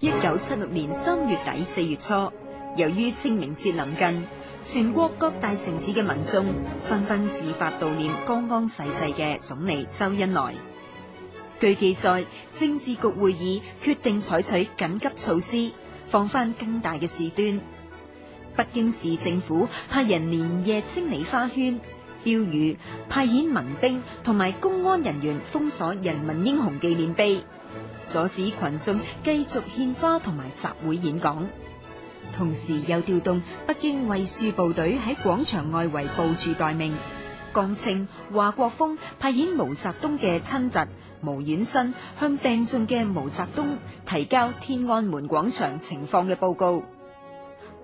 一九七六年三月底四月初，由於清明節臨近，全國各大城市嘅民眾紛紛自發悼念剛剛逝世嘅總理周恩來。據記載，政治局會議決定採取緊急措施，防範更大嘅事端。北京市政府派人連夜清理花圈、標語，派遣民兵同埋公安人員封鎖人民英雄紀念碑。阻止群眾繼續獻花同埋集會演講，同時又調動北京衛戍部隊喺廣場外圍部署待命。江青、華國鋒派遣毛澤東嘅親侄毛遠新，向病重嘅毛澤東提交天安門廣場情況嘅報告。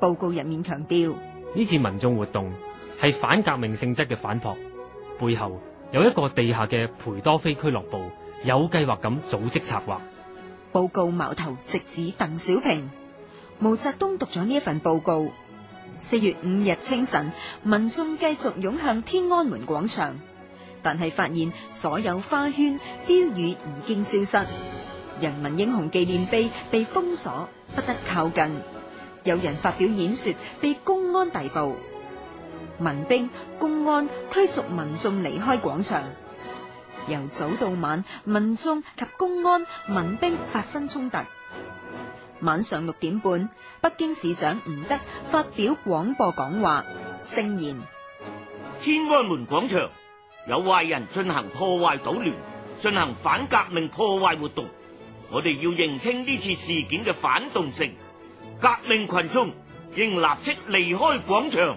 報告入面強調，呢次民眾活動係反革命性質嘅反撲，背後有一個地下嘅裴多菲俱樂部，有計劃咁組織策劃。報告矛頭直指鄧小平。毛澤東讀咗呢份報告。四月五日清晨，民眾繼續湧向天安門廣場，但係發現所有花圈標語已經消失，人民英雄紀念碑被封鎖，不得靠近。有人發表演說，被公安逮捕，民兵、公安驅逐民眾離開廣場。由早到晚，民眾及公安、民兵發生衝突。晚上六點半，北京市長吳德發表廣播講話，聲言：天安門廣場有壞人進行破壞搗亂，進行反革命破壞活動。我哋要認清呢次事件嘅反動性，革命群眾應立即離開廣場。